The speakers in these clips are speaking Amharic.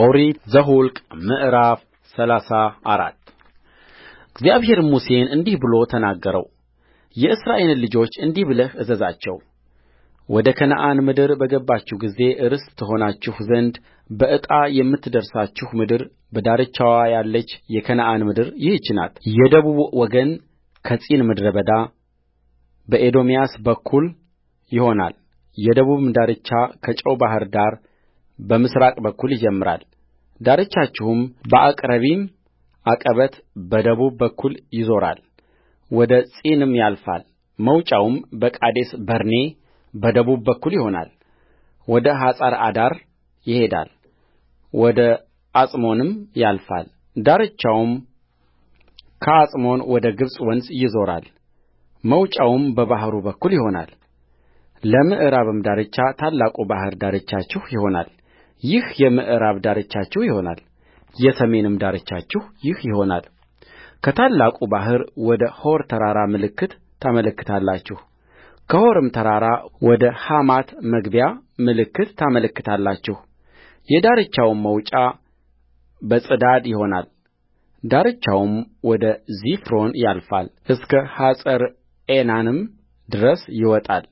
ኦሪት ዘኍልቍ ምዕራፍ ሰላሳ አራት እግዚአብሔርም ሙሴን እንዲህ ብሎ ተናገረው የእስራኤልን ልጆች እንዲህ ብለህ እዘዛቸው ወደ ከነዓን ምድር በገባችሁ ጊዜ ርስት ትሆናችሁ ዘንድ በዕጣ የምትደርሳችሁ ምድር በዳርቻዋ ያለች የከነዓን ምድር ይህች ናት። የደቡብ ወገን ከጺን ምድረ በዳ በኤዶምያስ በኩል ይሆናል። የደቡብም ዳርቻ ከጨው ባሕር ዳር በምሥራቅ በኩል ይጀምራል ዳርቻችሁም በአቅረቢም ዐቀበት በደቡብ በኩል ይዞራል ወደ ጺንም ያልፋል መውጫውም በቃዴስ በርኔ በደቡብ በኩል ይሆናል ወደ ሐጸር አዳር ይሄዳል ወደ ዓጽሞንም ያልፋል ዳርቻውም ከዓጽሞን ወደ ግብፅ ወንዝ ይዞራል መውጫውም በባሕሩ በኩል ይሆናል ለምዕራብም ዳርቻ ታላቁ ባሕር ዳርቻችሁ ይሆናል ይህ የምዕራብ ዳርቻችሁ ይሆናል የሰሜንም ዳርቻችሁ ይህ ይሆናል ከታላቁ ባሕር ወደ ሖር ተራራ ምልክት ታመለክታላችሁ ከሖርም ተራራ ወደ ሐማት መግቢያ ምልክት ታመለክታላችሁ የዳርቻውም መውጫ በጽዳድ ይሆናል ዳርቻውም ወደ ዚፍሮን ያልፋል እስከ ሐጸር ኤናንም ድረስ ይወጣል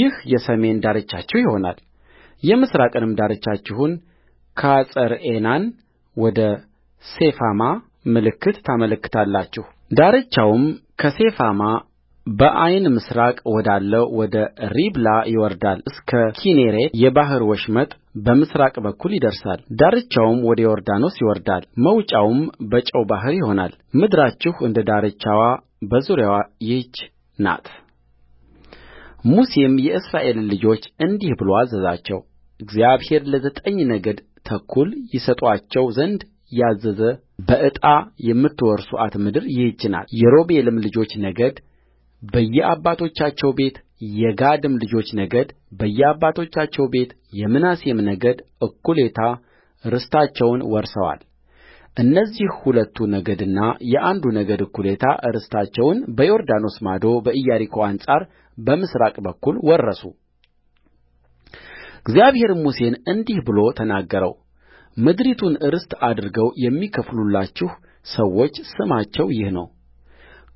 ይህ የሰሜን ዳርቻችሁ ይሆናል የምሥራቅንም ዳርቻችሁን ከሐጸርዔናን ወደ ሴፋማ ምልክት ታመለክታላችሁዳርቻውም ከሴፋማ በዓይን ምሥራቅ ወዳለው ወደ ሪብላ ይወርዳል እስከ ኪኔሬት የባሕር ወሽመጥ በምሥራቅ በኩል ይደርሳል ዳርቻውም ወደ ዮርዳኖስ ይወርዳል መውጫውም በጨው ባሕር ይሆናል ምድራችሁ እንደ ዳርቻዋ በዙሪያዋ ይህች ናትሙሴም የእስራኤልን ልጆች እንዲህ ብሎ አዘዛቸው እግዚአብሔር ለዘጠኝ ነገድ ተኩል ይሰጡአቸው ዘንድ ያዘዘ በዕጣ የምትወርሱአት ምድር ይህች የሮቤልም ልጆች ነገድ በየአባቶቻቸው ቤት የጋድም ልጆች ነገድ በየአባቶቻቸው ቤት የምናሴም ነገድ እኩሌታ ርስታቸውን ወርሰዋል እነዚህ ሁለቱ ነገድና የአንዱ ነገድ እኩሌታ ርስታቸውን በዮርዳኖስ ማዶ በኢያሪኮ አንጻር በምሥራቅ በኩል ወረሱ እግዚአብሔርም ሙሴን እንዲህ ብሎ ተናገረውምድሪቱን ርስት አድርገው የሚከፍሉላችሁ ሰዎች ስማቸው ይህ ነው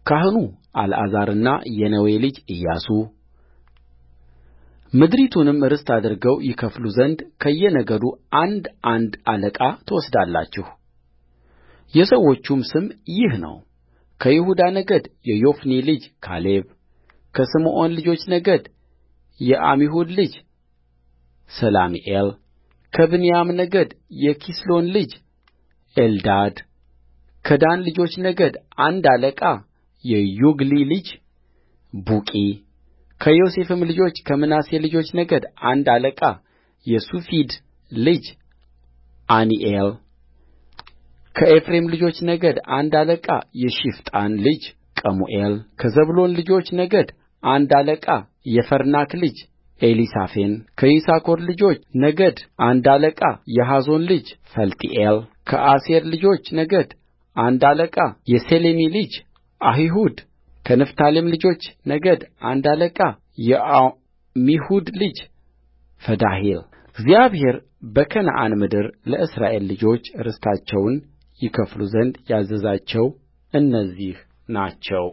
ካህኑ አልዓዛርና የነዌ ልጅ ኢያሱ ምድሪቱንም ርስት አድርገው ይከፍሉ ዘንድ ከየነገዱ አንድ አንድ አለቃ ትወስዳላችሁ። የሰዎቹም ስም ይህ ነው። ከይሁዳ ነገድ የዮፎኒ ልጅ ካሌብ፣ ከስምዖን ልጆች ነገድ የዓሚሁድ ልጅ ሰላሚኤል ከብንያም ነገድ የኪስሎን ልጅ ኤልዳድ ከዳን ልጆች ነገድ አንድ አለቃ የዮግሊ ልጅ ከዮሴፍም ልጆች ከምናሴ ልጆች ነገድ አንድ አለቃ የሱፊድ ልጅ ከኤፍሬም ልጆች ነገድ አንድ አለቃ የሺፍጣን ልጅ ቀሙኤልከዛብሎን ልጆች ነገድ አንድ አለቃ የፈርናክ ልጅ ኤሊሳፌንከይሳኮር ልጆች ነገድ አንድ አለቃ የሖዛ ልጅ ፈልጢኤልከአሴር ልጆች ነገድ አንድ አለቃ የሴሌሚ ልጅ አሒሁድከንፍታሌም ልጆች ነገድ አንድ አለቃ የዓሚሁድ ልጅ ፈዳሄልእግዚአብሔር በከነዓን ምድር ለእስራኤል ልጆች ርስታቸውን ይከፍሉ ዘንድ ያዘዛቸው እነዚህ ናቸው